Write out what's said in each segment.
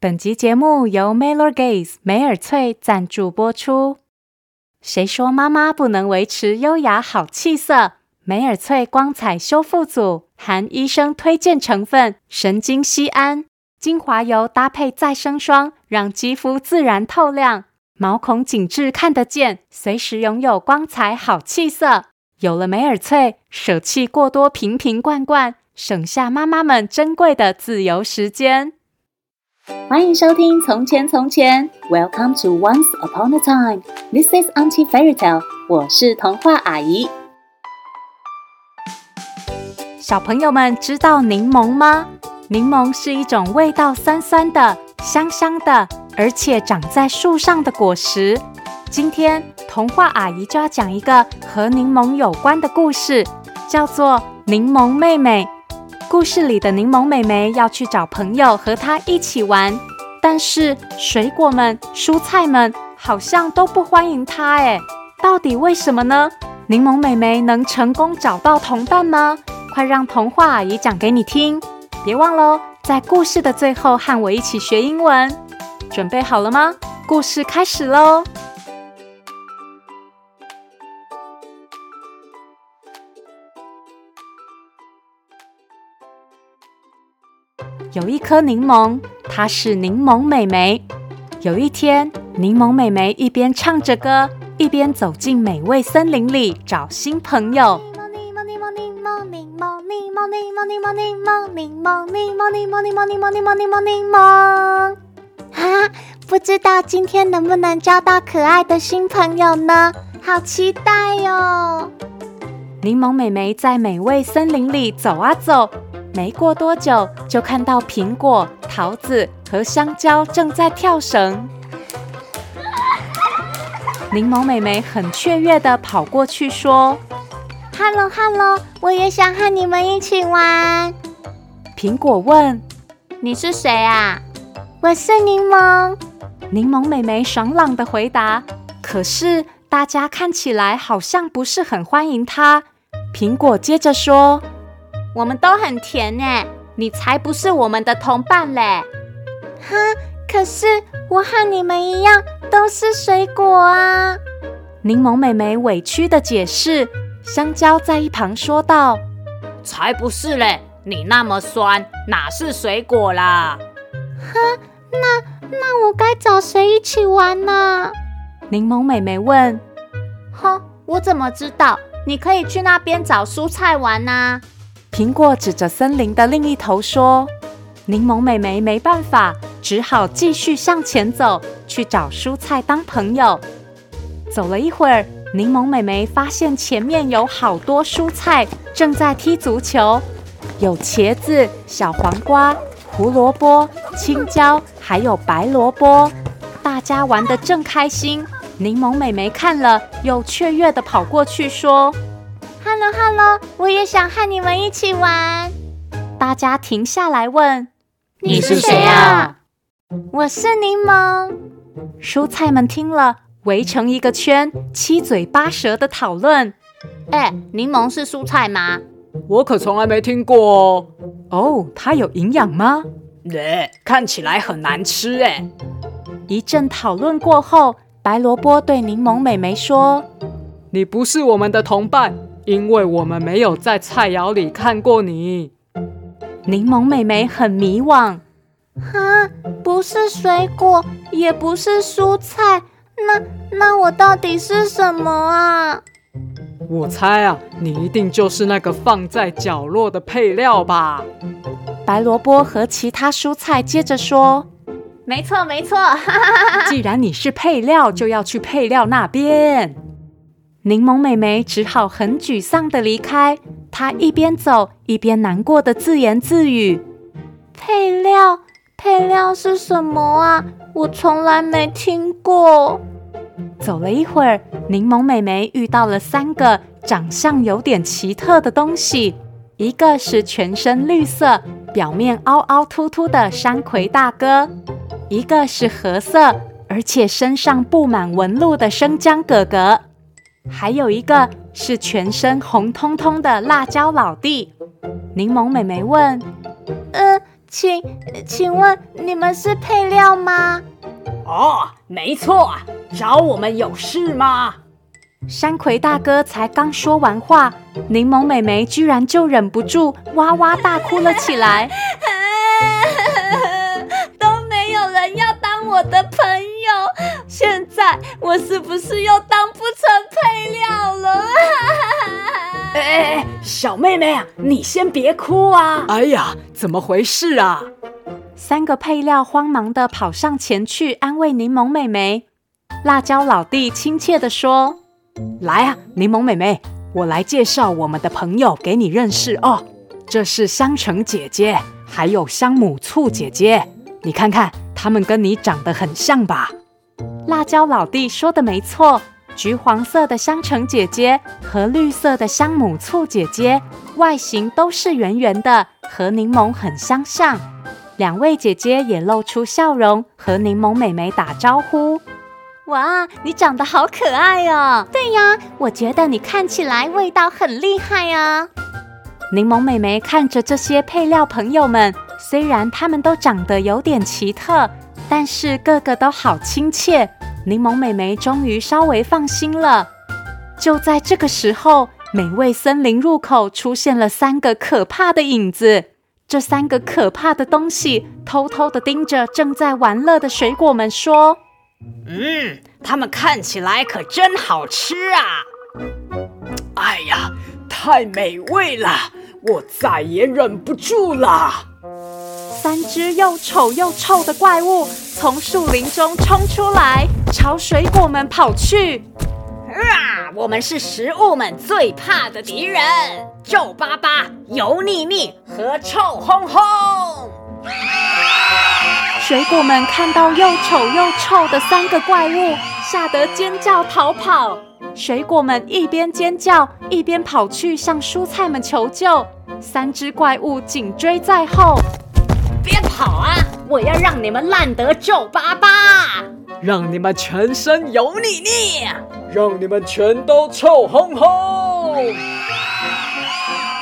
本集節目由 Mellower Gaze 玫爾萃贊助播出。誰說媽媽不能維持優雅好氣色？玫爾萃光彩修復組含醫生推薦成分神經酰胺，精華油搭配再生霜，讓肌膚自然透亮，毛孔緊緻看得見，隨時擁有光彩好氣色。有了玫爾萃，捨棄過多瓶瓶罐罐，省下媽媽們珍貴的自由時間。歡迎收聽《從前從前》，Welcome to Once Upon a Time。This is Auntie Fairy Tale。我是童話阿姨。小朋友們知道檸檬嗎？檸檬是一種味道酸酸的、香香的，而且長在樹上的果實。今天童話阿姨就要講一個和檸檬有關的故事，叫做《檸檬妹妹》。故事裡的檸檬妹妹要去找朋友和她一起玩，但是水果們、蔬菜們好像都不歡迎她誒，到底為什麼呢？檸檬妹妹能成功找到同伴嗎？快讓童話阿姨講給你聽！別忘了在故事的最後和我一起學英文，準備好了嗎？故事開始嘍！有一顆檸檬，她是檸檬妹妹。有一天，檸檬妹妹一邊唱着歌，一邊走進美味森林裡找新朋友。哈，不知道今天能不能交到可愛的新朋友呢？好期待喲！檸檬妹妹在美味森林裡走啊走。沒過多久，就看到蘋果、桃子和香蕉正在跳繩。檸檬妹妹很雀躍地跑過去說：“Hello，Hello，hello, 我也想和你們一起玩。”蘋果問：“你是誰啊？”“我是檸檬。”檸檬妹妹爽朗地回答。可是大家看起來好像不是很歡迎她。蘋果接着說，我們都很甜哎，你才不是我們的同伴嘞！哈，可是我和你們一樣都是水果啊！檸檬妹妹委屈的解釋。香蕉在一旁說道：“才不是嘞，你那麼酸，哪是水果啦？”哈，那那我該找誰一起玩呢？啊？檸檬妹妹問。哈，我怎麼知道？你可以去那邊找蔬菜玩吶，啊。蘋果指着森林的另一頭說。檸檬妹妹沒辦法，只好繼續向前走，去找蔬菜當朋友。走了一會兒，檸檬妹妹發現前面有好多蔬菜正在踢足球，有茄子、小黃瓜、胡蘿蔔、青椒，還有白蘿蔔，大家玩得正開心。檸檬妹妹看了，又雀躍地跑過去說。哈嘍，Hello, 我也想和你們一起玩。大家停下來問：“你是誰呀、啊？”“我是檸檬。”蔬菜們聽了，圍成一個圈，七嘴八舌的討論：“哎、欸，檸檬是蔬菜嗎？”“我可從來沒聽過哦。”“哦，它有營養嗎？”“誒，看起來很難吃誒。”一陣討論過後，白蘿蔔對檸檬妹妹說：“你不是我們的同伴。”因為我們沒有在菜餚裡看過你，檸檬妹妹很迷惘。哈，不是水果，也不是蔬菜，那那我到底是什麼啊？我猜啊，你一定就是那個放在角落的配料吧？白蘿蔔和其他蔬菜接着說，沒錯沒錯，哈哈哈哈。 既然你是配料，就要去配料那邊。檸檬妹妹只好很沮喪的離開。她一邊走一邊難過的自言自語：“配料，配料是什麼啊？我從來沒聽過。”走了一會兒，檸檬妹妹遇到了三個長相有點奇特的東西：一個是全身綠色、表面凹凹凸凸的山葵大哥；一個是褐色而且身上布滿紋路的生薑哥哥。還有一個是全身紅彤彤的辣椒老弟，檸檬妹妹問：“嗯、呃，請，請問你們是配料嗎？”哦，沒錯，找我們有事嗎？山葵大哥才剛說完話，檸檬妹妹居然就忍不住哇哇大哭了起來。 我的朋友，現在我是不是又當不成配料了？哎哎哎，小妹妹，你先別哭啊！哎呀，怎麼回事啊？三個配料慌忙地跑上前去安慰檸檬妹妹。辣椒老弟親切地說：“來啊，檸檬妹妹，我來介紹我們的朋友給你認識哦，這是香橙姐姐，還有香母醋姐姐。”你看看，他們跟你長得很像吧？辣椒老弟說的沒錯，橘黃色的香橙姐姐和綠色的香母醋姐姐，外形都是圓圓的，和檸檬很相像。兩位姐姐也露出笑容，和檸檬妹妹打招呼。哇，你長得好可愛哦！對呀，我覺得你看起來味道很厲害啊！檸檬妹妹看着這些配料朋友們。雖然他們都長得有點奇特，但是個個都好親切。檸檬妹妹終於稍微放心了。就在這個時候，美味森林入口出現了三個可怕的影子。這三個可怕的東西偷偷地盯着正在玩樂的水果們，說：“嗯，它們看起來可真好吃啊！哎呀，太美味了，我再也忍不住了。”三隻又醜又臭的怪物從樹林中衝出來，朝水果們跑去。啊，我們是食物們最怕的敵人——皺巴巴、油膩膩和臭烘烘。水果們看到又醜又臭的三個怪物，嚇得尖叫逃跑，跑。水果們一邊尖叫，一邊跑去向蔬菜們求救。三隻怪物緊追在後，別跑啊！我要讓你們爛得皺巴巴，讓你們全身油膩膩，讓你們全都臭烘烘。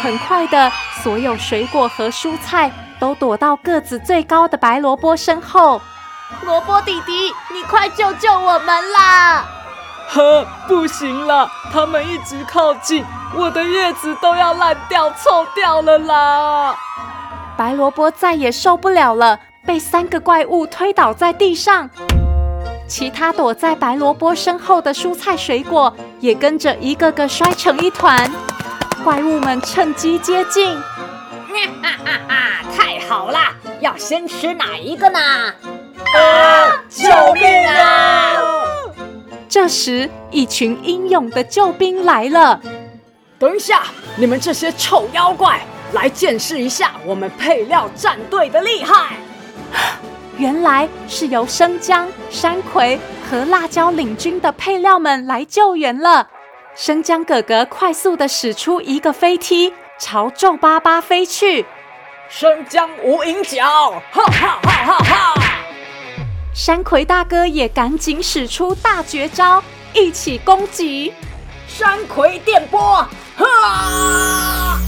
很快的，所有水果和蔬菜都躲到個子最高的白蘿蔔身後。蘿蔔弟弟，你快救救我們啦！呵，不行了，他們一直靠近，我的葉子都要爛掉、臭掉了啦！白蘿蔔再也受不了了，被三個怪物推倒在地上。其他躲在白蘿蔔身後的蔬菜水果也跟着一個個摔成一團。怪物們趁機接近，哈哈哈哈！太好了，要先吃哪一個呢？啊！救命啊！啊這時，一群英勇的救兵來了。等一下，你們這些臭妖怪，來見識一下我們配料戰隊的厲害！原來是由生薑、山葵和辣椒領軍的配料們來救援了。生薑哥哥快速地使出一個飛踢，朝皺巴巴飛去。生薑無影腳，哈哈哈哈！哈。哈哈山葵大哥也趕緊使出大絕招，一起攻擊。山葵電波，哈、啊！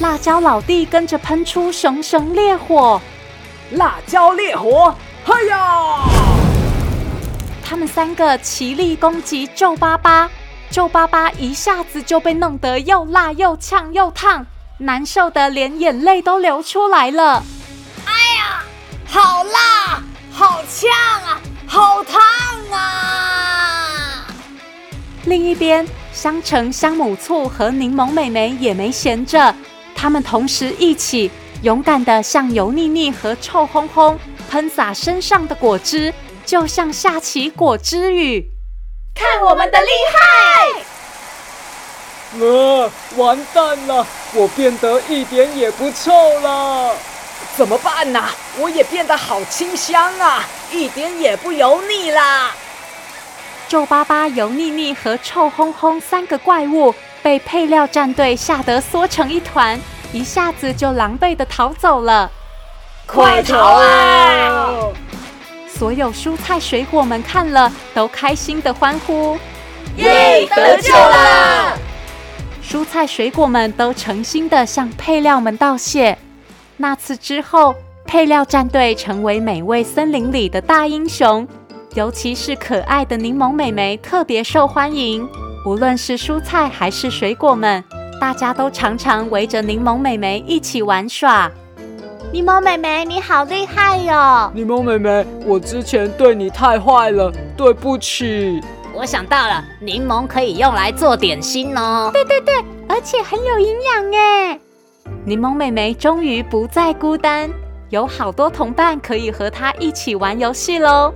辣椒老弟跟着噴出熊熊烈火，辣椒烈火，嗨呀！他們三個齊力攻擊皺巴巴，皺巴巴一下子就被弄得又辣又嗆又燙，難受的連眼淚都流出來了。好辣，好嗆啊，好燙啊！另一邊，香橙、香母醋和檸檬妹妹也沒閒着，他們同時一起勇敢的向油膩膩和臭烘烘噴灑身上的果汁，就像下起果汁雨。看我們的厲害！呃，完蛋了，我變得一點也不臭了。怎麼辦呢？啊，我也變得好清香啊，一點也不油膩啦！皺巴巴、油膩膩和臭烘烘三個怪物被配料戰隊嚇得縮成一團，一下子就狼狽的逃走了。快逃啊！所有蔬菜水果們看了都開心的歡呼：“耶，得救啦！”蔬菜水果們都誠心的向配料們道謝。那次之後，配料戰隊成為美味森林裡的大英雄，尤其是可愛的檸檬妹妹特別受歡迎。無論是蔬菜還是水果們，大家都常常圍着檸檬妹妹一起玩耍。檸檬妹妹，你好厲害喲、哦！檸檬妹妹，我之前對你太壞了，對不起。我想到了，檸檬可以用來做點心哦。對對對，而且很有營養哎。檸檬妹妹終於不再孤單，有好多同伴可以和她一起玩遊戲嘍！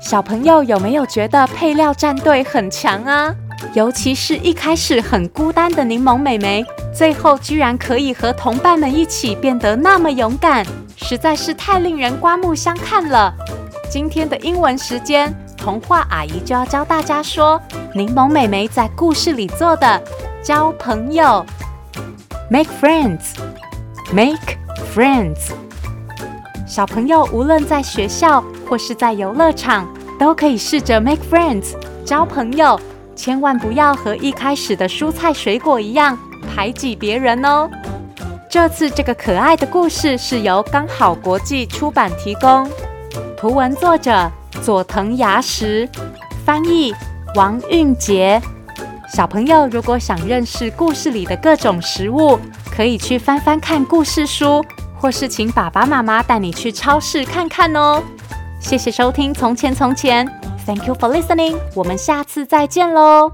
小朋友有沒有覺得配料戰隊很強啊？尤其是一開始很孤單的檸檬妹妹，最後居然可以和同伴們一起變得那麼勇敢。實在是太令人刮目相看了。今天的英文時間，童話阿姨就要教大家說“檸檬妹妹在故事裡做的交朋友 （make friends, make friends）。小朋友無論在學校或是在遊樂場，都可以試着 make friends 交朋友，千萬不要和一開始的蔬菜水果一樣排擠別人哦。這次這個可愛的故事是由剛好國際出版提供，圖文作者佐藤芽實，翻譯王蘊潔。小朋友如果想認識故事裡的各種食物，可以去翻翻看故事書，或是請爸爸媽媽帶你去超市看看哦。謝謝收聽《從前從前》，Thank you for listening。我們下次再見嘍。